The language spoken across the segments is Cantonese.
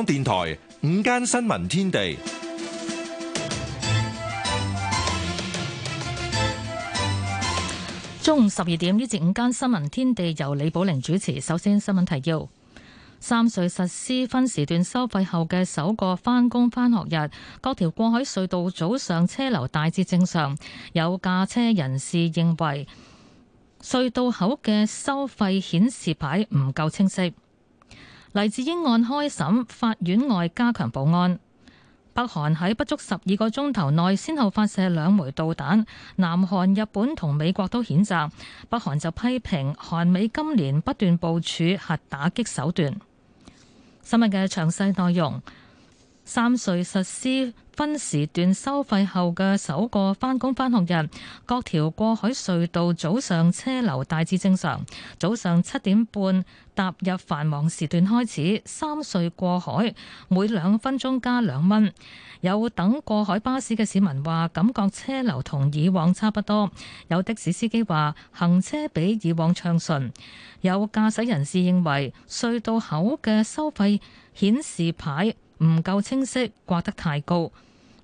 港電台午間新聞天地，中午十二點呢一節午間新聞天地由李寶玲主持。首先新聞提要：三隧實施分時段收費後嘅首個返工返學日，各條過海隧道早上車流大致正常。有駕車人士認為隧道口嘅收費顯示牌唔夠清晰。黎智英案開審，法院外加強保安。北韓喺不足十二個鐘頭內，先後發射兩枚導彈。南韓、日本同美國都譴責，北韓就批評韓美今年不斷部署核打擊手段。新聞嘅詳細內容，三歲實施。分時段收費後嘅首個返工返學日，各條過海隧道早上車流大致正常。早上七點半踏入繁忙時段開始，三隧過海，每兩分鐘加兩蚊。有等過海巴士嘅市民話，感覺車流同以往差不多。有的士司機話，行車比以往暢順。有駕駛人士認為隧道口嘅收費顯示牌唔夠清晰，掛得太高。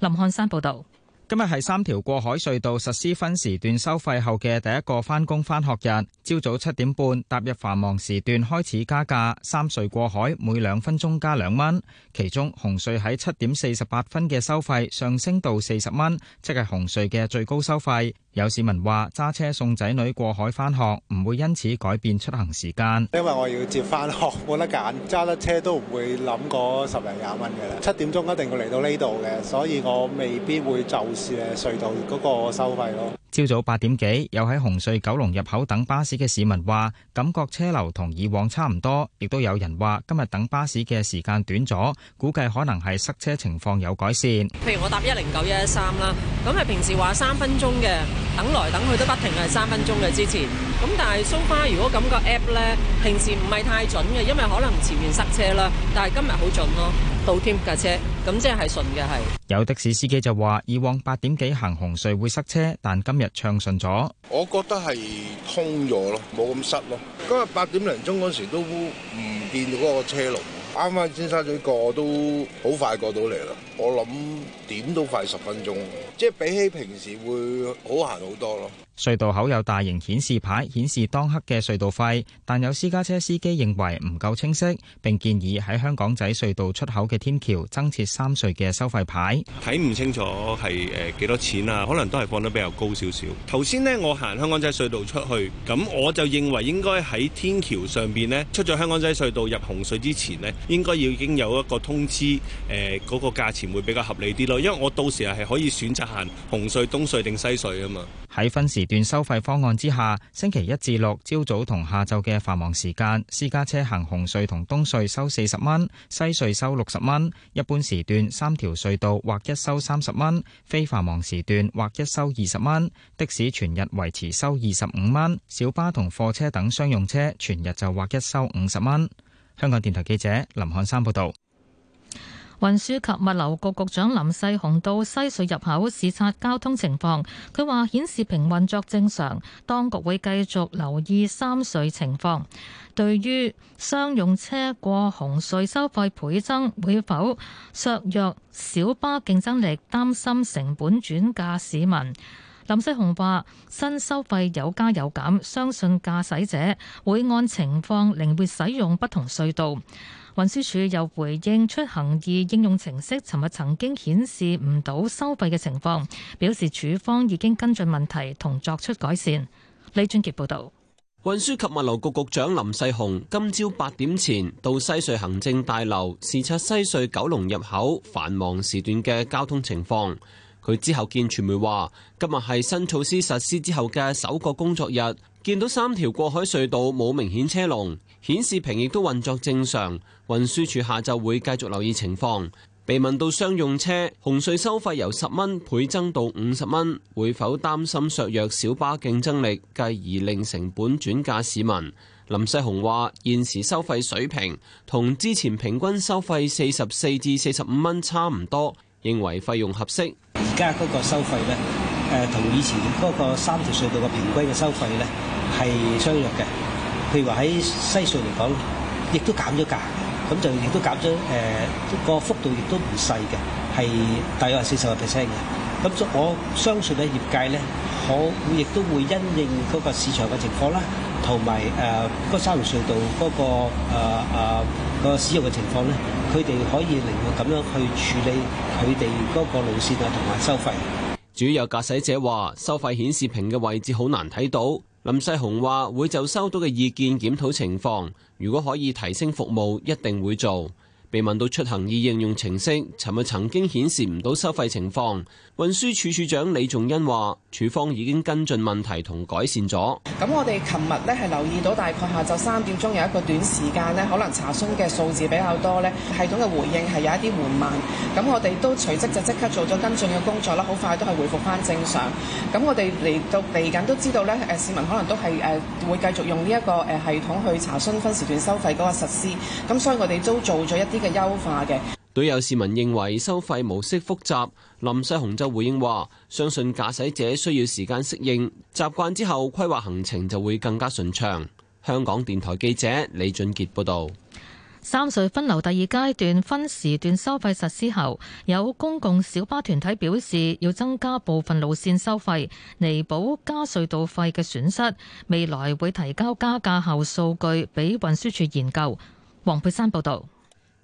林漢山報道：今日係三條過海隧道實施分時段收費後嘅第一個返工返學日。朝早七點半踏入繁忙時段，開始加價。三隧過海每兩分鐘加兩蚊，其中紅隧喺七點四十八分嘅收費上升到四十蚊，即係紅隧嘅最高收費。有市民話揸車送仔女過海返學唔會因此改變出行時間，因為我要接翻學冇得揀，揸得車都唔會諗過十零廿蚊嘅啦。七點鐘一定會嚟到呢度嘅，所以我未必會就住隧道嗰個收費咯。朝早八點幾，有喺紅隧九龍入口等巴士嘅市民話感覺車流同以往差唔多，亦都有人話今日等巴士嘅時間短咗，估計可能係塞車情況有改善。譬如我搭一零九一一三啦，咁係平時話三分鐘嘅。等來等去都不停係三分鐘嘅之前，咁但係 so far 如果咁個 app 咧平時唔係太準嘅，因為可能前面塞車啦，但係今日好準咯，到添架車，咁即係順嘅係。有的士司機就話：以往八點幾行紅隧會塞車，但今日暢順咗。我覺得係通咗咯，冇咁塞咯。今日八點零鐘嗰時都唔見嗰個車龍。啱啱尖沙咀過都好快過到嚟啦，我諗點都快十分鐘，即係比起平時會好行好多咯。隧道口有大型顯示牌，顯示當刻嘅隧道費，但有私家車司機認為唔夠清晰，並建議喺香港仔隧道出口嘅天橋增設三隧嘅收費牌。睇唔清楚係誒幾多錢啊？可能都係放得比較高少少。頭先呢，我行香港仔隧道出去，咁我就認為應該喺天橋上邊呢，出咗香港仔隧道入紅隧之前呢，應該要已經有一個通知誒嗰、呃那個價錢會比較合理啲咯。因為我到時係係可以選擇行紅隧、東隧定西隧啊嘛。喺分時段收費方案之下，星期一至六朝早同下晝嘅繁忙時間，私家車行紅隧同東隧收四十蚊，西隧收六十蚊；一般時段三條隧道劃一收三十蚊，非繁忙時段劃一收二十蚊。的士全日維持收二十五蚊，小巴同貨車等商用車全日就劃一收五十蚊。香港電台記者林漢山報道。運輸及物流局局長林世雄到西隧入口視察交通情況，佢話顯示屏運作正常，當局會繼續留意三隧情況。對於商用車過紅隧收費倍增會否削弱小巴競爭力，擔心成本轉嫁市民，林世雄話新收費有加有減，相信駕駛者會按情況靈活使用不同隧道。運輸署又回應出行易應用程式，尋日曾經顯示唔到收費嘅情況，表示署方已經跟進問題同作出改善。李俊傑報導。運輸及物流局局長林世雄今朝八點前到西隧行政大樓視察西隧九龍入口繁忙時段嘅交通情況。佢之後見傳媒話，今日係新措施實施之後嘅首個工作日。見到三條過海隧道冇明顯車龍，顯示屏亦都運作正常。運輸署下晝會繼續留意情況。被問到商用車紅隧收費由十蚊倍增到五十蚊，會否擔心削弱小巴競爭力，繼而令成本轉嫁市民？林世雄話：現時收費水平同之前平均收費四十四至四十五蚊差唔多，認為費用合適。而家嗰個收費呢，呃、同以前嗰個三條隧道嘅平均嘅收費呢。係相約嘅，譬如話喺西隧嚟講，亦都減咗價，咁就亦都減咗誒個幅度，亦都唔細嘅，係大約四十個 percent 嘅。咁、嗯、我相信咧，業界咧，可亦都會因應嗰個市場嘅情況啦，同埋誒嗰三條隧道嗰、那個誒誒、呃啊那個使用嘅情況咧，佢哋可以靈活咁樣去處理佢哋嗰個路線啊同埋收費。主要有駕駛者話，收費顯示屏嘅位置好難睇到。林世雄話：會就收到嘅意見檢討情況，如果可以提升服務，一定會做。被問到出行易應用程式，尋日曾經顯示唔到收費情況，運輸署署長李仲恩話，處方已經跟進問題同改善咗。咁我哋尋日呢，係留意到，大概下晝三點鐘有一個短時間呢，可能查詢嘅數字比較多呢，系統嘅回應係有一啲緩慢。咁我哋都隨即就即刻做咗跟進嘅工作啦，好快都係回復返正常。咁我哋嚟到嚟緊都知道呢，誒市民可能都係誒、啊、會繼續用呢一個誒系統去查詢分時段收費嗰個實施。咁所以我哋都做咗一啲嘅優化嘅。都有市民認為收費模式複雜，林世雄就回應話：相信駕駛者需要時間適應習慣之後，規劃行程就會更加順暢。香港電台記者李俊傑報導。三隧分流第二階段分時段收費實施後，有公共小巴團體表示要增加部分路線收費，彌補加隧道費嘅損失。未來會提交加價後數據俾運輸署研究。黃佩珊報導。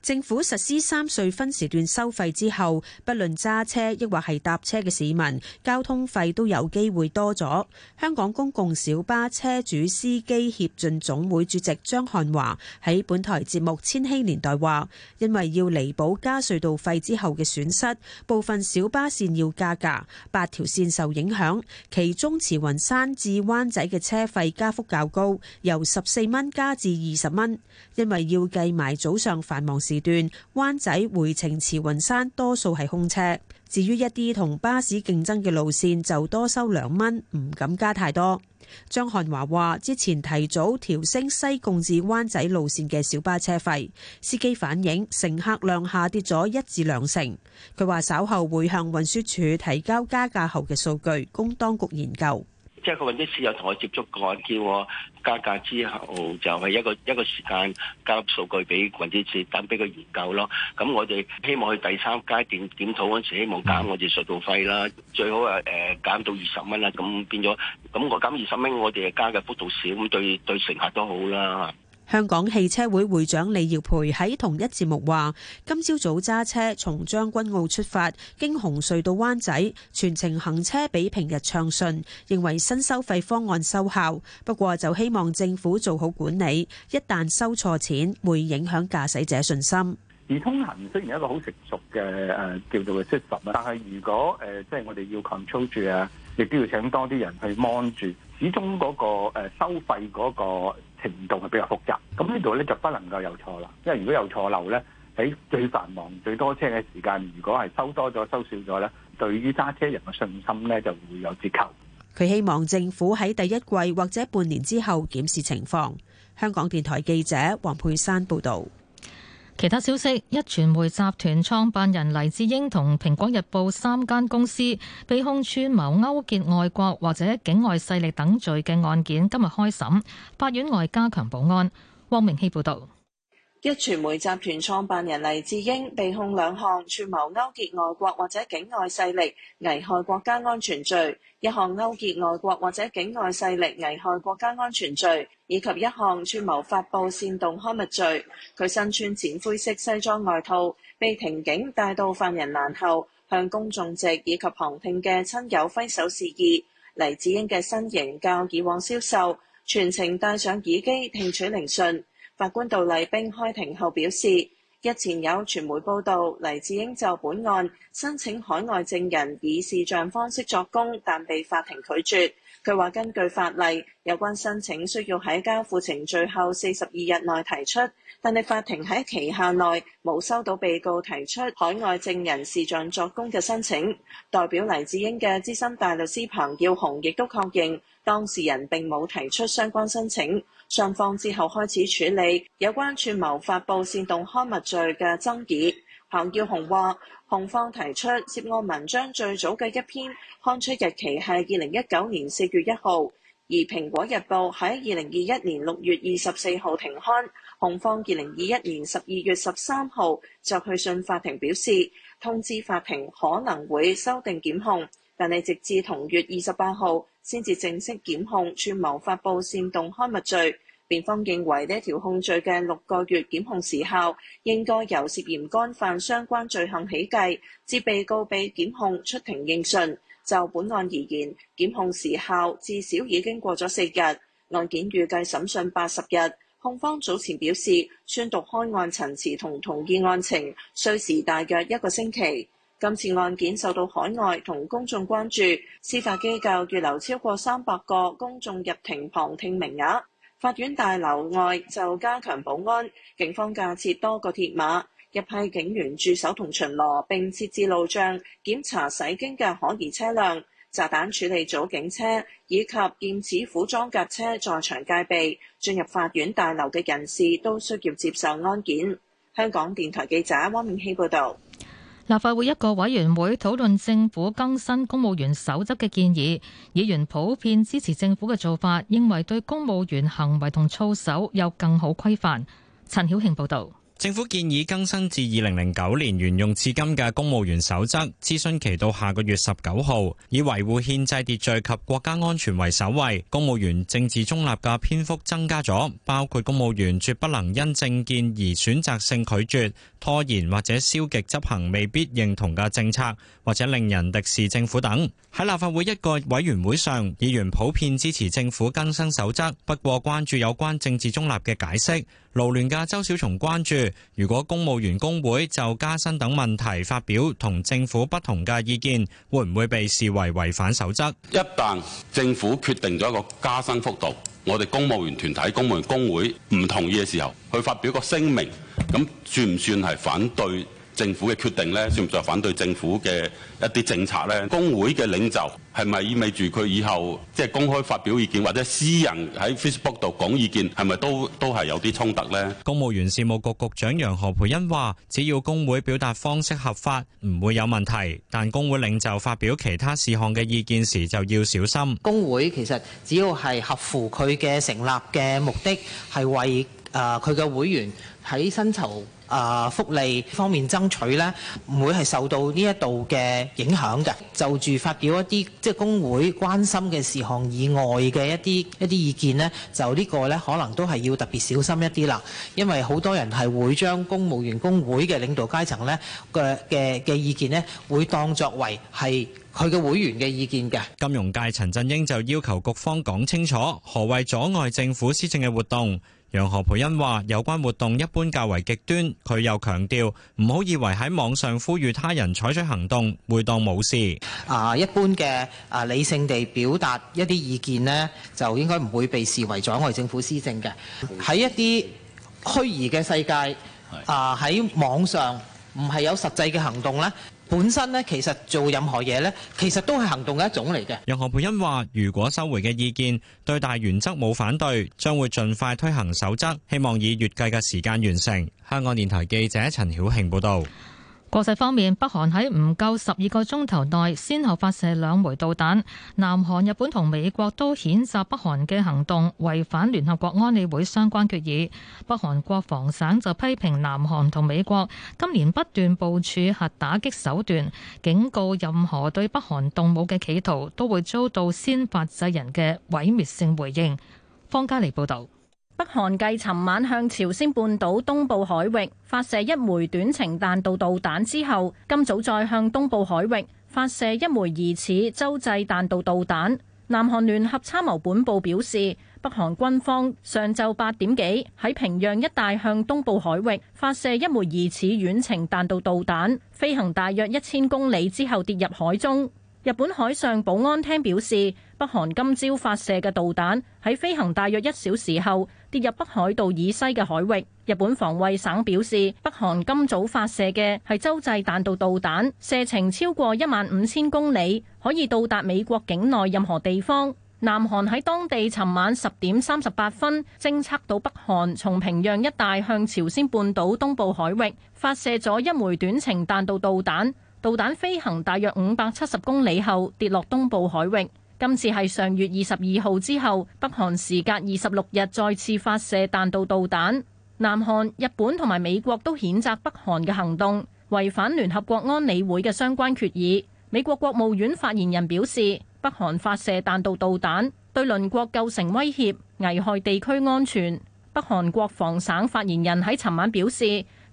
政府實施三隧分時段收費之後，不論揸車抑或係搭車嘅市民，交通費都有機會多咗。香港公共小巴車主司機協進總會主席張漢華喺本台節目《千禧年代》話：因為要彌補加隧道費之後嘅損失，部分小巴線要加價，八條線受影響，其中慈雲山至灣仔嘅車費加幅較高，由十四蚊加至二十蚊，因為要計埋早上繁忙時時段灣仔回程慈雲山，多數係空車。至於一啲同巴士競爭嘅路線，就多收兩蚊，唔敢加太多。張漢華話之前提早調升西貢至灣仔路線嘅小巴車費，司機反映乘客量下跌咗一至兩成。佢話稍後會向運輸署提交加價後嘅數據，供當局研究。即係個運輸司又同我接觸過，叫我加價之後就係、是、一個一個時間交數據俾運輸司，等俾佢研究咯。咁我哋希望喺第三階段檢討嗰陣時，希望減我哋隧道費啦。最好係誒、呃、減到二十蚊啦。咁變咗，咁我減二十蚊，我哋加嘅幅度少，咁對對乘客都好啦。香港汽車會會長李耀培喺同一節目話，今朝早揸車從將軍澳出發，經紅隧到灣仔，全程行車比平日暢順，認為新收費方案收效。不過就希望政府做好管理，一旦收錯錢，會影響駕駛者信心。而通行雖然一個好成熟嘅誒叫做嘅 system，但係如果誒即係我哋要 control 住啊，亦都要請多啲人去 mon 住，始終嗰個誒收費嗰、嗰個。程度係比較複雜，咁呢度咧就不能夠有錯啦，因為如果有錯漏咧，喺最繁忙、最多車嘅時間，如果係收多咗、收少咗咧，對於揸車人嘅信心咧就會有折扣。佢希望政府喺第一季或者半年之後檢視情況。香港電台記者黃佩珊報導。其他消息：壹傳媒集團創辦人黎智英同《蘋果日報》三間公司被控串謀勾結外國或者境外勢力等罪嘅案件，今日開審，法院外加強保安。汪明希報導。一傳媒集團創辦人黎智英被控兩項串謀勾結外國或者境外勢力危害國家安全罪，一項勾結外國或者境外勢力危害國家安全罪，以及一項串謀發布煽動刊物罪。佢身穿淺灰色西裝外套，被庭警帶到犯人欄後，向公眾席以及旁聽嘅親友揮手示意。黎智英嘅身形較以往消瘦，全程戴上耳機，聽取聆訊。法官杜麗冰開庭後表示，日前有傳媒報道，黎智英就本案申請海外證人以視像方式作供，但被法庭拒絕。佢話：根據法例，有關申請需要喺交付程序後四十二日內提出，但係法庭喺期限內冇收到被告提出海外證人視像作供嘅申請。代表黎智英嘅資深大律師彭耀雄亦都確認，當事人並冇提出相關申請，雙方之後開始處理有關串謀發布煽動刊物罪嘅爭議。彭耀雄話，控方提出涉案文章最早嘅一篇刊出日期係二零一九年四月一號，而《蘋果日報》喺二零二一年六月二十四號停刊。控方二零二一年十二月十三號就去信法庭表示，通知法庭可能會修訂檢控，但係直至同月二十八號先至正式檢控串謀發佈煽動刊物罪。辯方認為呢條控罪嘅六個月檢控時效應該由涉嫌干犯相關罪行起計，至被告被檢控出庭應訊。就本案而言，檢控時效至少已經過咗四日。案件預計審訊八十日。控方早前表示，宣讀開案陳詞同同意案情需時大約一個星期。今次案件受到海外同公眾關注，司法機構預留超過三百個公眾入庭旁聽名額。法院大樓外就加強保安，警方架設多個鐵馬，一批警員駐守同巡邏，並設置路障檢查駛經嘅可疑車輛。炸彈處理組警車以及劍齒虎裝甲車在場戒備。進入法院大樓嘅人士都需要接受安檢。香港電台記者汪永希報導。立法會一個委員會討論政府更新公務員守則嘅建議，議員普遍支持政府嘅做法，認為對公務員行為同操守有更好規範。陳曉慶報道，政府建議更新至二零零九年沿用至今嘅公務員守則，諮詢期到下個月十九號，以維護憲制秩序及國家安全為首位，公務員政治中立嘅篇幅增加咗，包括公務員絕不能因政見而選擇性拒絕。拖延或者消極執行未必認同嘅政策，或者令人敵視政府等。喺立法會一個委員會上，議員普遍支持政府更新守則，不過關注有關政治中立嘅解釋。勞聯嘅周小松關注，如果公務員工會就加薪等問題發表同政府不同嘅意見，會唔會被視為違反守則？一旦政府決定咗一個加薪幅度。我哋公務員團體、公務員工會唔同意嘅時候，去發表個聲明，咁算唔算係反對？政府嘅決定呢，算唔算反對政府嘅一啲政策呢？工會嘅領袖係咪意味住佢以後即係公開發表意見，或者私人喺 Facebook 度講意見，係咪都都係有啲衝突呢？公務員事務局局長楊何蓓茵話，只要工會表達方式合法，唔會有問題。但工會領袖發表其他事項嘅意見時，就要小心。工會其實只要係合乎佢嘅成立嘅目的，係為誒佢嘅會員喺薪酬。誒、啊、福利方面爭取呢，唔會係受到呢一度嘅影響嘅。就住發表一啲即係工會關心嘅事項以外嘅一啲一啲意見呢，就呢個呢，可能都係要特別小心一啲啦。因為好多人係會將公務員工會嘅領導階層呢嘅嘅嘅意見呢，會當作為係佢嘅會員嘅意見嘅。金融界陳振英就要求局方講清楚何謂阻礙政府施政嘅活動。楊何培恩話：有關活動一般較為極端，佢又強調唔好以為喺網上呼籲他人採取行動，會當冇事。啊，一般嘅啊，理性地表達一啲意見呢，就應該唔會被視為阻礙政府施政嘅。喺一啲虛擬嘅世界，啊喺網上唔係有實際嘅行動呢。本身咧，其實做任何嘢咧，其實都係行動嘅一種嚟嘅。楊何蓓茵話，如果收回嘅意見對大原則冇反對，將會盡快推行守則，希望以月計嘅時間完成。香港電台記者陳曉慶報導。國際方面，北韓喺唔夠十二個鐘頭內，先後發射兩枚導彈。南韓、日本同美國都譴責北韓嘅行動違反聯合國安理會相關決議。北韓國防省就批評南韓同美國今年不斷部署核打擊手段，警告任何對北韓動武嘅企圖都會遭到先發制人嘅毀滅性回應。方嘉莉報道。北韓繼尋晚向朝鮮半島東部海域發射一枚短程彈道導彈之後，今早再向東部海域發射一枚疑似洲際彈道導彈。南韓聯合參謀本部表示，北韓軍方上晝八點幾喺平壤一帶向東部海域發射一枚疑似遠程彈道導彈，飛行大約一千公里之後跌入海中。日本海上保安廳表示，北韓今朝發射嘅導彈喺飛行大約一小時後。跌入北海道以西嘅海域，日本防衛省表示，北韓今早發射嘅係洲際彈道導彈，射程超過一萬五千公里，可以到達美國境內任何地方。南韓喺當地尋晚十點三十八分偵測到北韓從平壤一帶向朝鮮半島東部海域發射咗一枚短程彈道導彈，導彈飛行大約五百七十公里後跌落東部海域。今次係上月二十二號之後，北韓時隔二十六日再次發射彈道導彈。南韓、日本同埋美國都譴責北韓嘅行動違反聯合國安理會嘅相關決議。美國國務院發言人表示，北韓發射彈道導彈對鄰國構成威脅，危害地區安全。北韓國防省發言人喺尋晚表示，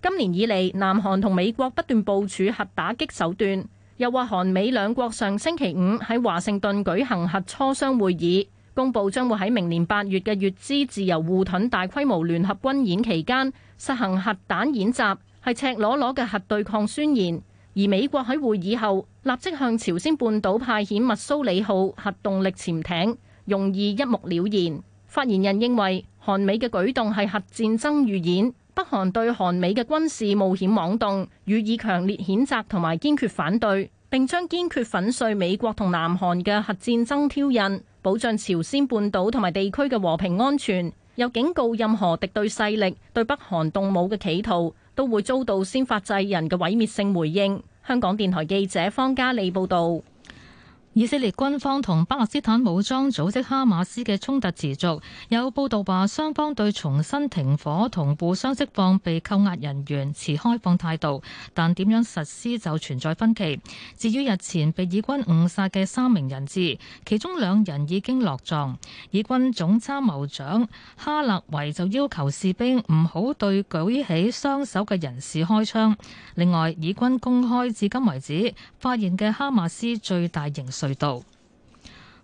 今年以嚟，南韓同美國不斷部署核打擊手段。又話韓美兩國上星期五喺華盛頓舉行核磋商會議，公布將會喺明年八月嘅乙支自由護盾大規模聯合軍演期間實行核彈演習，係赤裸裸嘅核對抗宣言。而美國喺會議後立即向朝鮮半島派遣密蘇里號核動力潛艇，用意一目了然。發言人認為韓美嘅舉動係核戰爭預演。北韓對韓美嘅軍事冒險妄動予以強烈譴責同埋堅決反對，並將堅決粉碎美國同南韓嘅核戰爭挑釁，保障朝鮮半島同埋地區嘅和平安全。又警告任何敵對勢力對北韓動武嘅企圖，都會遭到先發制人嘅毀滅性回應。香港電台記者方嘉莉報導。以色列軍方同巴勒斯坦武裝組織哈馬斯嘅衝突持續。有報道話雙方對重新停火同互相釋放被扣押人員持開放態度，但點樣實施就存在分歧。至於日前被以軍誤殺嘅三名人質，其中兩人已經落葬。以軍總參謀長哈勒維就要求士兵唔好對舉起雙手嘅人士開槍。另外，以軍公開至今為止發現嘅哈馬斯最大型隧渠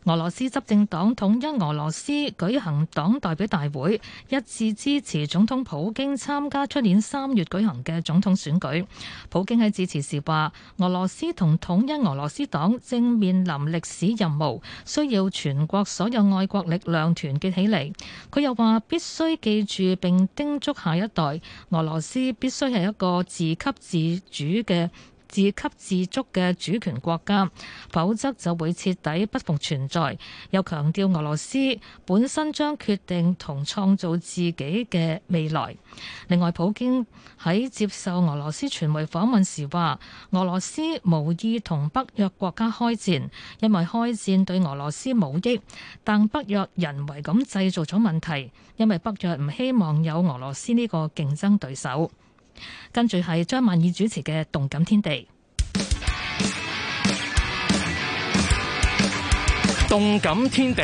俄羅斯執政黨統一俄羅斯舉行黨代表大會，一致支持總統普京參加出年三月舉行嘅總統選舉。普京喺致辭時話：俄羅斯同統一俄羅斯黨正面臨歷史任務，需要全國所有愛國力量團結起嚟。佢又話：必須記住並叮囑下一代，俄羅斯必須係一個自給自主嘅。自給自足嘅主權國家，否則就會徹底不復存在。又強調俄羅斯本身將決定同創造自己嘅未來。另外，普京喺接受俄羅斯傳媒訪問時話，俄羅斯無意同北約國家開戰，因為開戰對俄羅斯冇益。但北約人為咁製造咗問題，因為北約唔希望有俄羅斯呢個競爭對手。跟住係張曼儀主持嘅《動感天地》，《動感天地》。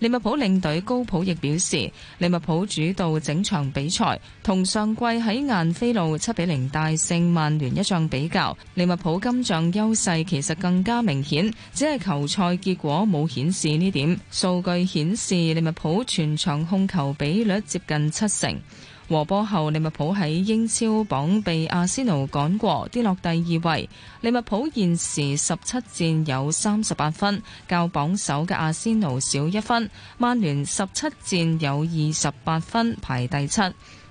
利物浦領隊高普亦表示：利物浦主導整場比賽，同上季喺晏菲路七比零大勝曼聯一仗比較，利物浦今仗優勢其實更加明顯，只係球賽結果冇顯示呢點。數據顯示利物浦全場控球比率接近七成。和波後，利物浦喺英超榜被阿仙奴趕過，跌落第二位。利物浦現時十七戰有三十八分，較榜首嘅阿仙奴少一分。曼聯十七戰有二十八分，排第七。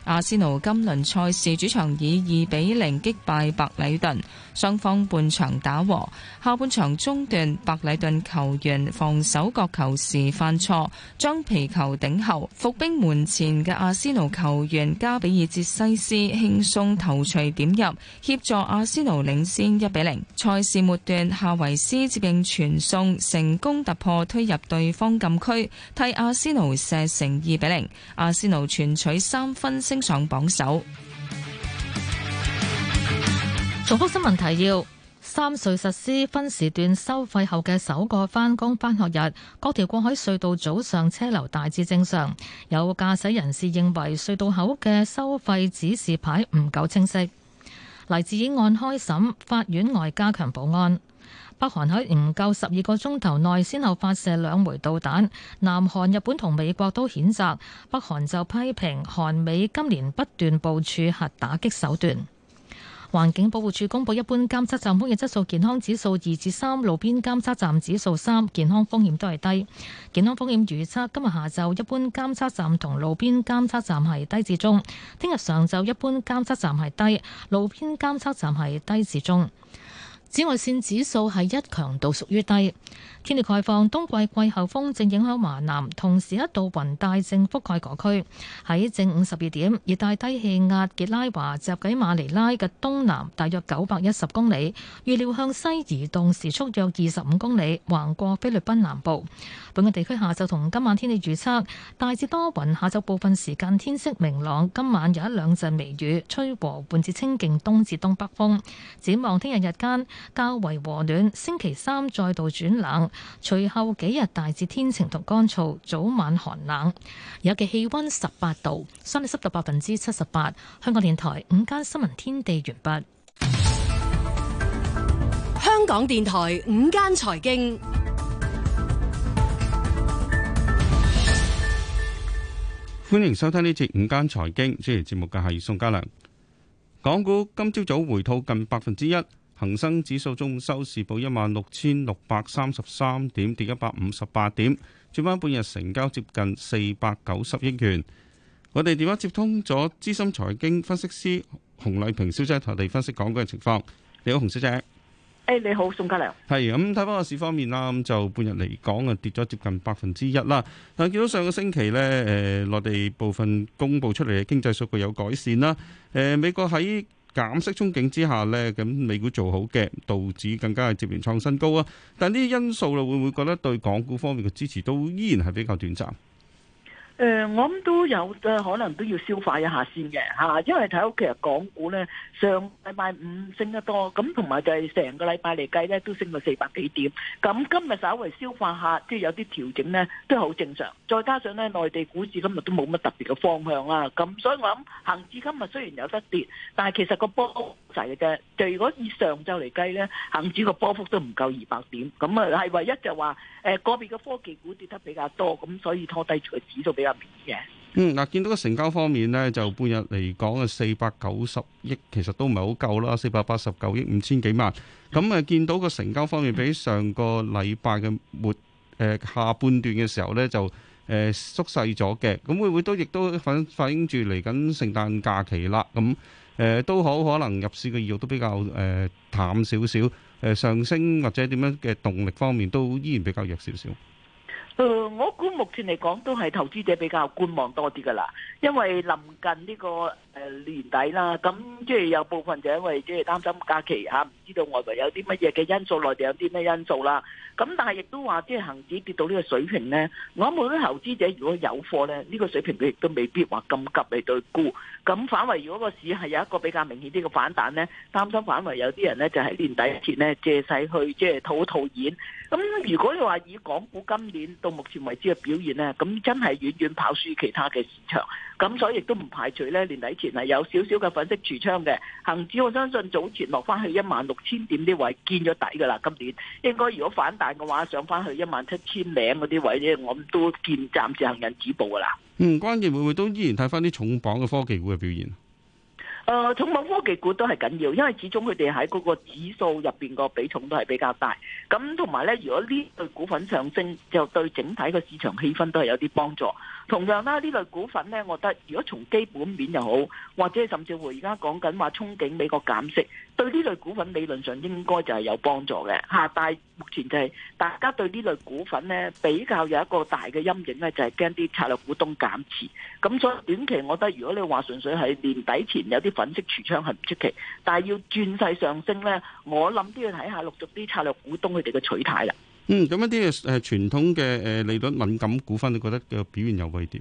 阿仙奴今輪賽事主場以二比零擊敗白禮頓。雙方半場打和，下半場中段，白禮頓球員防守角球時犯錯，將皮球頂後，伏兵門前嘅阿斯奴球員加比爾捷西斯輕鬆頭槌點入，協助阿斯奴領先一比零。賽事末段，夏維斯接應傳送，成功突破推入對方禁區，替阿斯奴射成二比零，阿斯奴全取三分，升上榜首。重複新聞提要：三隧實施分時段收費後嘅首個返工返學日，各條過海隧道早上車流大致正常。有駕駛人士認為隧道口嘅收費指示牌唔夠清晰。黎智英案開審，法院外加強保安。北韓喺唔夠十二個鐘頭內先後發射兩枚導彈，南韓、日本同美國都譴責。北韓就批評韓美今年不斷部署核打擊手段。環境保護署公布一般監測站空氣質素健康指數二至三，路邊監測站指數三，健康風險都係低。健康風險預測今日下晝一般監測站同路邊監測站係低至中，聽日上晝一般監測站係低，路邊監測站係低至中。紫外線指數係一，強度屬於低。天氣概況，冬季季候風正影響華南，同時一道雲帶正覆蓋各區。喺正午十二點，熱帶低氣壓傑拉華集結喺馬尼拉嘅東南，大約九百一十公里。預料向西移動時速約二十五公里，橫過菲律賓南部。本地地區下晝同今晚天氣預測：大致多雲，下晝部分時間天色明朗。今晚有一兩陣微雨，吹和緩至清勁東至東北風。展望聽日日間較為和暖，星期三再度轉冷。隨後幾日大致天晴同乾燥，早晚寒冷，有嘅氣溫十八度，相對濕度百分之七十八。香港電台午間新聞天地完畢。香港電台午間財經，歡迎收聽呢節午間財經，主持節目嘅係宋家良。港股今朝早回吐近百分之一。恒生指數中午收市報一萬六千六百三十三點，跌一百五十八點。轉翻半日成交接近四百九十億元。我哋電話接通咗資深財經分析師洪麗萍小姐，同我哋分析講嗰個情況。你好，洪小姐。誒，hey, 你好，宋家良。係咁，睇翻個市方面啦。咁就半日嚟講啊，跌咗接近百分之一啦。但係見到上個星期咧，誒、呃，內地部分公布出嚟嘅經濟數據有改善啦。誒、呃，美國喺減息憧憬之下咧，咁美股做好嘅，道指更加係接連創新高啊！但係呢啲因素啦，會唔會覺得對港股方面嘅支持都依然係比較短暫？誒、呃，我諗都有誒，可能都要消化一下先嘅吓、啊，因為睇到其實港股咧上禮拜五升得多，咁同埋就係成個禮拜嚟計咧都升到四百幾點，咁今日稍微消化下，即、就、係、是、有啲調整咧都係好正常。再加上咧內地股市今日都冇乜特別嘅方向啦、啊，咁所以我諗恒指今日雖然有得跌，但係其實個波幅細嘅啫。就如果以上晝嚟計咧，恒指個波幅都唔夠二百點，咁啊係唯一就話誒、呃、個別嘅科技股跌得比較多，咁所以拖低咗個指數俾。嗯，嗱、啊，見到個成交方面呢，就半日嚟講啊，四百九十億，其實都唔係好夠啦，四百八十九億五千幾萬。咁、嗯、啊，嗯嗯、見到個成交方面比上個禮拜嘅末誒、呃、下半段嘅時候呢，就誒、呃、縮細咗嘅。咁、嗯、會唔會都亦都反映住嚟緊聖誕假期啦？咁、嗯、誒、呃、都好可能入市嘅意欲都比較誒、呃、淡少少。誒、呃、上升或者點樣嘅動力方面都依然比較弱少少。誒、呃，我估目前嚟講都係投資者比較觀望多啲㗎啦，因為臨近呢、這個。年底啦，咁即係有部分就因為即係擔心假期吓、啊，唔知道外圍有啲乜嘢嘅因素，內地有啲咩因素啦。咁但係亦都話，即係恒指跌到呢個水平咧，我諗好多投資者如果有貨咧，呢、這個水平佢亦都未必話咁急嚟對沽。咁反為如果個市係有一個比較明顯啲嘅反彈咧，擔心反為有啲人咧就喺年底前咧借勢去即係套一套現。咁如果你話以港股今年到目前為止嘅表現咧，咁真係遠遠跑輸其他嘅市場。咁所以亦都唔排除咧年底前。係有少少嘅粉色櫥窗嘅恒指，我相信早前落翻去一萬六千點啲位見咗底噶啦。今年應該如果反彈嘅話，上翻去一萬七千零嗰啲位咧，我都見暫時行人止步噶啦。嗯，關鍵會唔會都依然睇翻啲重磅嘅科技股嘅表現？誒， 重磅科技股都係緊要，因為始終佢哋喺嗰個指數入邊個比重都係比較大。咁同埋咧，如果呢個股份上升，就對整體個市場氣氛都係有啲幫助。同樣啦、啊，呢類股份呢，我覺得如果從基本面又好，或者甚至乎而家講緊話憧憬美國減息，對呢類股份理論上應該就係有幫助嘅嚇。但係目前就係大家對呢類股份呢，比較有一個大嘅陰影呢，就係驚啲策略股東減持。咁所以短期我覺得如果你話純粹係年底前有啲粉飾櫥窗係唔出奇，但係要轉勢上升呢，我諗都要睇下陸續啲策略股東佢哋嘅取態啦。嗯，咁一啲誒傳統嘅誒利率敏感股份，你覺得嘅表現又會點？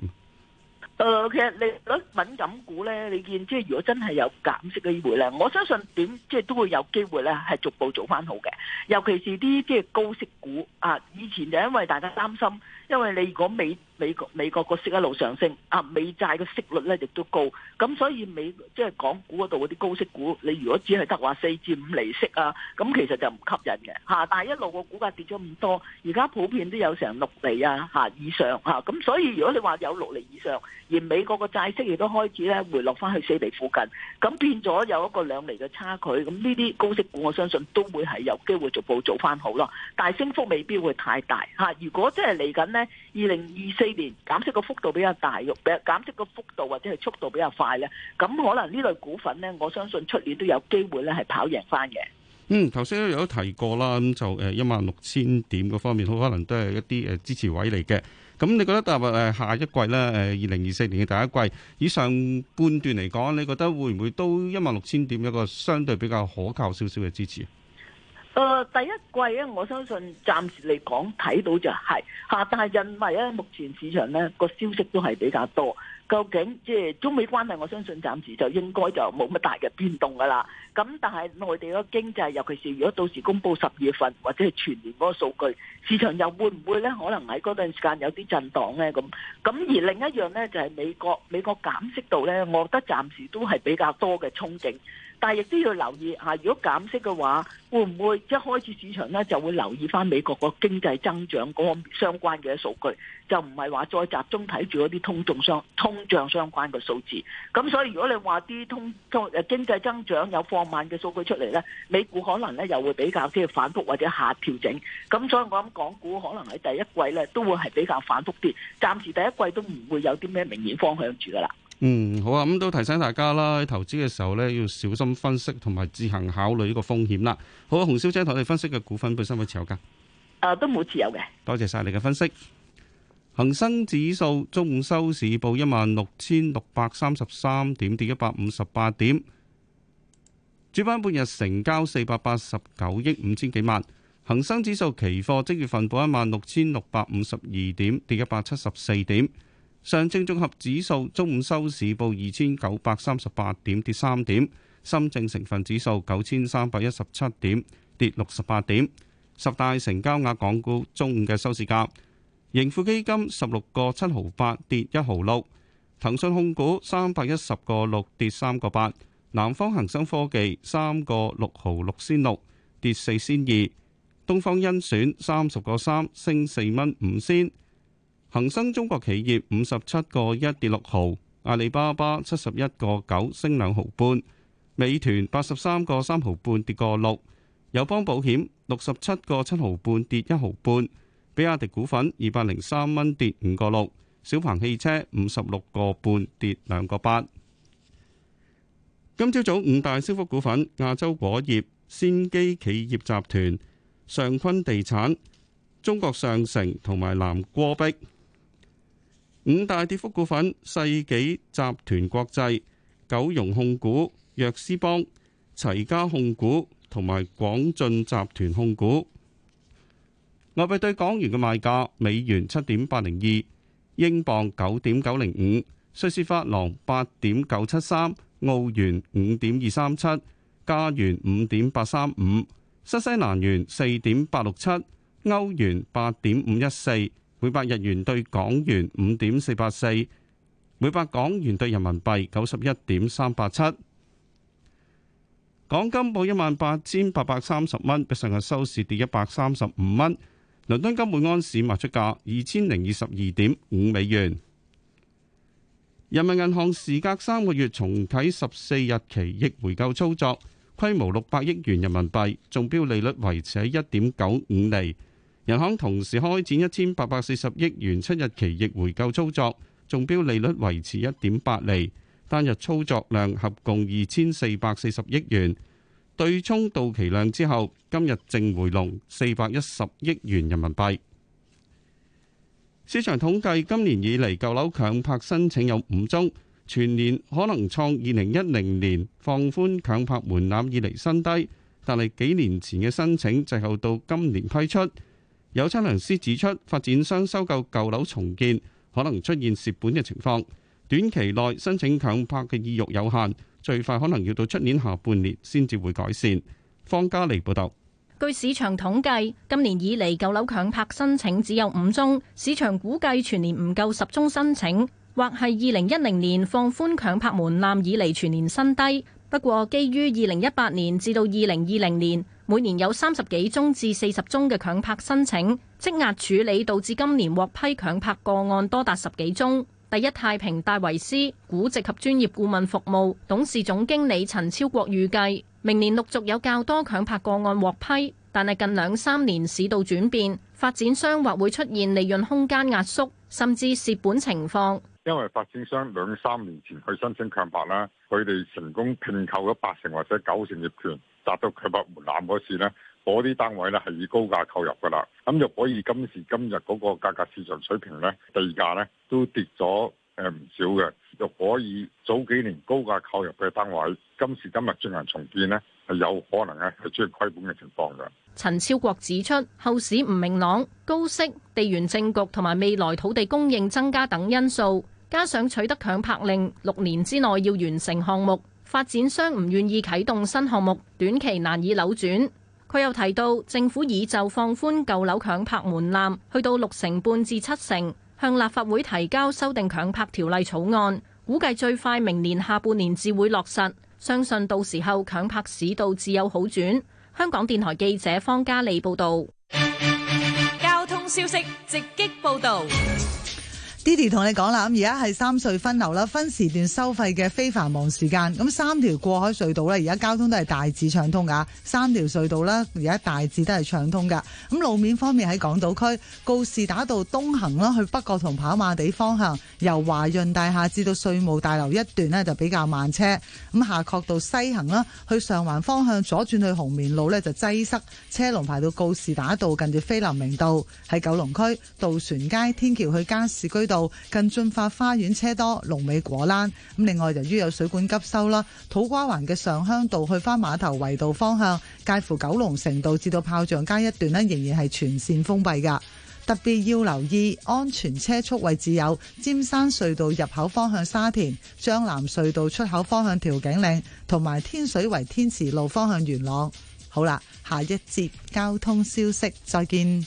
誒，其實利率敏感股咧，你見即係如果真係有減息嘅機會咧，我相信點即係都會有機會咧，係逐步做翻好嘅。尤其是啲即係高息股啊，以前就因為大家擔心。因為你如果美美，美國美國個息一路上升啊，美債個息率咧亦都高，咁所以美即係、就是、港股嗰度嗰啲高息股，你如果只係得話四至五厘息啊，咁其實就唔吸引嘅吓。但係一路個股價跌咗咁多，而家普遍都有成六厘啊吓以上吓，咁所以如果你話有六厘以上，而美國個債息亦都開始咧回落翻去四厘附近，咁變咗有一個兩厘嘅差距，咁呢啲高息股我相信都會係有機會逐步做翻好咯。但係升幅未必會太大嚇。如果即係嚟緊。咧二零二四年減息個幅度比較大，又減息個幅度或者係速度比較快咧，咁可能呢類股份咧，我相信出年都有機會咧係跑贏翻嘅。嗯，頭先都有提過啦，咁就誒一萬六千點嗰方面，好可能都係一啲誒支持位嚟嘅。咁你覺得踏入誒下一季咧，誒二零二四年嘅第一季以上半段嚟講，你覺得會唔會都一萬六千點一個相對比較可靠少少嘅支持？誒，第一季咧，我相信暫時嚟講睇到就係嚇，但係因為咧，目前市場咧個消息都係比較多。究竟即係中美關係，我相信暫時就應該就冇乜大嘅變動㗎喇。咁但係內地嗰個經濟，尤其是如果到時公布十月份或者係全年嗰個數據，市場又會唔會咧？可能喺嗰段時間有啲震盪咧。咁咁而另一樣咧，就係美國美國減息度咧，我覺得暫時都係比較多嘅憧憬。但係亦都要留意嚇、啊，如果減息嘅話，會唔會一開始市場咧就會留意翻美國個經濟增長嗰個相關嘅數據？就唔係話再集中睇住嗰啲通脹相通脹相關嘅數字。咁所以如果你話啲通通、啊、經濟增長有放慢嘅數據出嚟咧，美股可能咧又會比較即係反覆或者下調整。咁所以我諗港股可能喺第一季咧都會係比較反覆啲，暫時第一季都唔會有啲咩明顯方向住㗎啦。嗯，好啊，咁都提醒大家啦，喺投資嘅時候呢，要小心分析同埋自行考慮呢個風險啦。好啊，洪小姐同你分析嘅股份本身有冇持有噶？誒，都冇持有嘅。多謝晒你嘅分析。恒生指數中午收市報一萬六千六百三十三點，跌一百五十八點。主板半日成交四百八十九億五千幾萬。恒生指數期貨即月份報一萬六千六百五十二點，跌一百七十四點。上證綜合指數中午收市報二千九百三十八點，跌三點；深證成分指數九千三百一十七點，跌六十八點。十大成交額港股中午嘅收市價：盈富基金十六個七毫八，跌一毫六；騰訊控股三百一十個六，跌三個八；南方恒生科技三個六毫六仙六，跌四仙二；東方甄選三十個三，升四蚊五仙。恆生中國企業五十七個一，跌六毫，阿里巴巴七十一個九，升兩毫半，美團八十三個三毫半跌個六，友邦保險六十七個七毫半跌一毫半，比亞迪股份二百零三蚊跌五個六，小鵬汽車五十六個半跌兩個八。今朝早五大升幅股份：亞洲果業、先機企業集團、上坤地產、中國上城同埋南戈壁。五大跌幅股份：世紀集團國際、九融控股、藥師幫、齊家控股同埋廣進集團控股。外幣對港元嘅賣價：美元七點八零二，英鎊九點九零五，瑞士法郎八點九七三，澳元五點二三七，加元五點八三五，新西蘭元四點八六七，歐元八點五一四。每百日元兌港元五點四八四，每百港元兌人民幣九十一點三八七。港金報一萬八千八百三十蚊，比上日收市跌一百三十五蚊。倫敦金每盎司賣出價二千零二十二點五美元。人民銀行時隔三個月重啟十四日期逆回購操作，規模六百億元人民幣，中標利率維持喺一點九五厘。人行同時開展一千八百四十億元七日期逆回購操作，中標利率維持一點八厘。單日操作量合共二千四百四十億元，對沖到期量之後，今日淨回籠四百一十億元人民幣。市場統計今年以嚟舊樓強拍申請有五宗，全年可能創二零一零年放寬強拍門檻以嚟新低，但係幾年前嘅申請滯後到今年批出。有測量師指出，發展商收購舊樓重建，可能出現蝕本嘅情況。短期內申請強拍嘅意欲有限，最快可能要到出年下半年先至會改善。方家莉報導。據市場統計，今年以嚟舊樓強拍申請只有五宗，市場估計全年唔夠十宗申請，或係二零一零年放寬強拍門檻以嚟全年新低。不過，基於二零一八年至到二零二零年，每年有三十幾宗至四十宗嘅強拍申請，積壓處理導致今年獲批強拍個案多達十幾宗。第一太平戴維斯估值及專業顧問服務董事總經理陳超國預計，明年陸續有較多強拍個案獲批，但係近兩三年市道轉變，發展商或會出現利潤空間壓縮甚至蝕本情況。因為發展商兩三年前去申請強拍啦，佢哋成功併購咗八成或者九成業權。達到強拍門檻嗰時咧，嗰啲單位呢係以高價購入㗎啦。咁又可以今時今日嗰個價格市場水平呢，地價呢都跌咗誒唔少嘅。又可以早幾年高價購入嘅單位，今時今日進行重建呢，係有可能嘅，係出現虧本嘅情況㗎。陳超國指出，後市唔明朗、高息、地緣政局同埋未來土地供應增加等因素，加上取得強拍令六年之內要完成項目。發展商唔願意啟動新項目，短期難以扭轉。佢又提到，政府已就放寬舊樓強拍門檻，去到六成半至七成，向立法會提交修訂強拍條例草案，估計最快明年下半年至會落實。相信到時候強拍市道自有好轉。香港電台記者方嘉利報道。交通消息直擊報道。Didi 同你講啦，咁而家係三隧分流啦，分時段收費嘅非繁忙時間，咁三條過海隧道呢，而家交通都係大致暢通㗎。三條隧道咧，而家大致都係暢通嘅。咁路面方面喺港島區，告士打道東行啦，去北角同跑馬地方向，由華潤大廈至到稅務大樓一段呢，就比較慢車。咁夏慤道西行啦，去上環方向左轉去紅棉路呢，就擠塞，車龍排到告士打道近住菲林明道。喺九龍區渡船街天橋去加士居道道近駿發花園車多，龍尾果欄。咁另外，由於有水管急修啦，土瓜灣嘅上鄉道去翻碼頭圍道方向，介乎九龍城道至到炮仗街一段咧，仍然係全線封閉噶。特別要留意安全車速位置有：尖山隧道入口方向沙田、將南隧道出口方向調景嶺，同埋天水圍天慈路方向元朗。好啦，下一節交通消息，再見。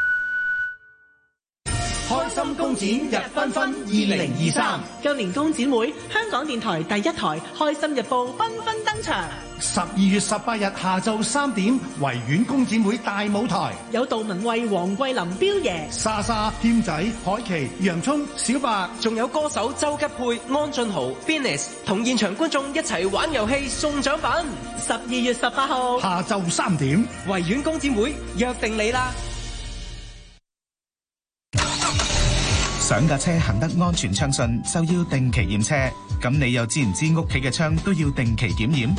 開心工展日繽紛二零二三，今年工展會香港電台第一台《開心日報》繽紛登場。十二月十八日下晝三點，維園工展會大舞台有杜雯惠、黃桂林、彪爺、莎莎、添仔、海琪、洋蔥、小白，仲有歌手周吉佩、安俊豪、Bennis 同現場觀眾一齊玩遊戲送獎品。十二月十八號下晝三點，維園工展會約定你啦。想架車行得安全暢順，就要定期驗車。咁你又知唔知屋企嘅窗都要定期檢驗？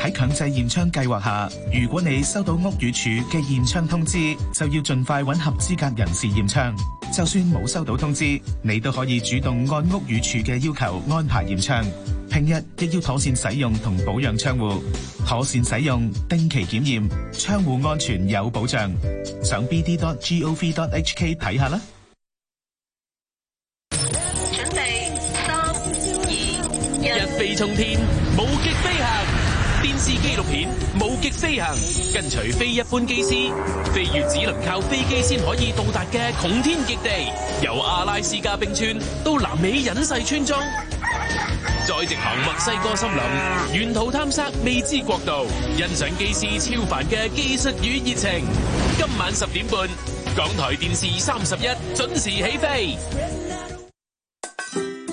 喺強制驗窗計劃下，如果你收到屋宇署嘅驗窗通知，就要盡快揾合資格人士驗窗。就算冇收到通知，你都可以主動按屋宇署嘅要求安排驗窗。平日亦要妥善使用同保養窗戶，妥善使用，定期檢驗，窗戶安全有保障。上 bd.gov.hk 睇下啦。沖天無極飛行電視紀錄片《無極飛行》，跟隨非一般機師，飛越只能靠飛機先可以到達嘅窮天極地，由阿拉斯加冰川到南美隱世村莊，再直航墨西哥森林，沿途探索未知國度，欣賞機師超凡嘅技術與熱情。今晚十點半，港台電視三十一準時起飛。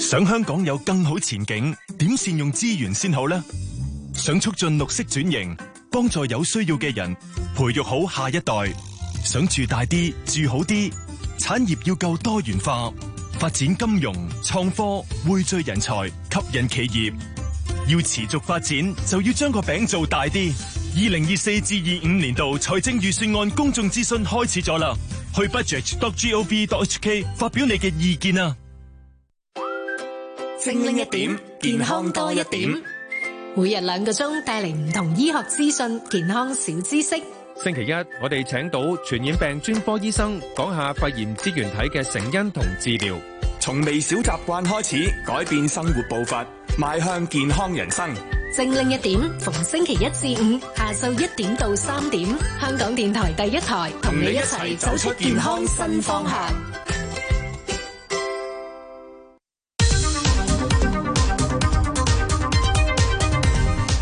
想香港有更好前景，點善用資源先好呢？想促進綠色轉型，幫助有需要嘅人，培育好下一代。想住大啲，住好啲，產業要夠多元化，發展金融、創科、匯聚人才、吸引企業。要持續發展，就要將個餅做大啲。二零二四至二五年度財政預算案公眾諮詢開始咗啦，去 budget.gov.hk 發表你嘅意見啊！精靈一點，健康多一點。每日兩個鐘，帶嚟唔同醫學資訊、健康小知識。星期一，我哋請到傳染病專科醫生講下肺炎支原體嘅成因同治療。從微小習慣開始，改變生活步伐，邁向健康人生。精靈一點，逢星期一至五下晝一點到三點，香港電台第一台同你一齊走出健康新方向。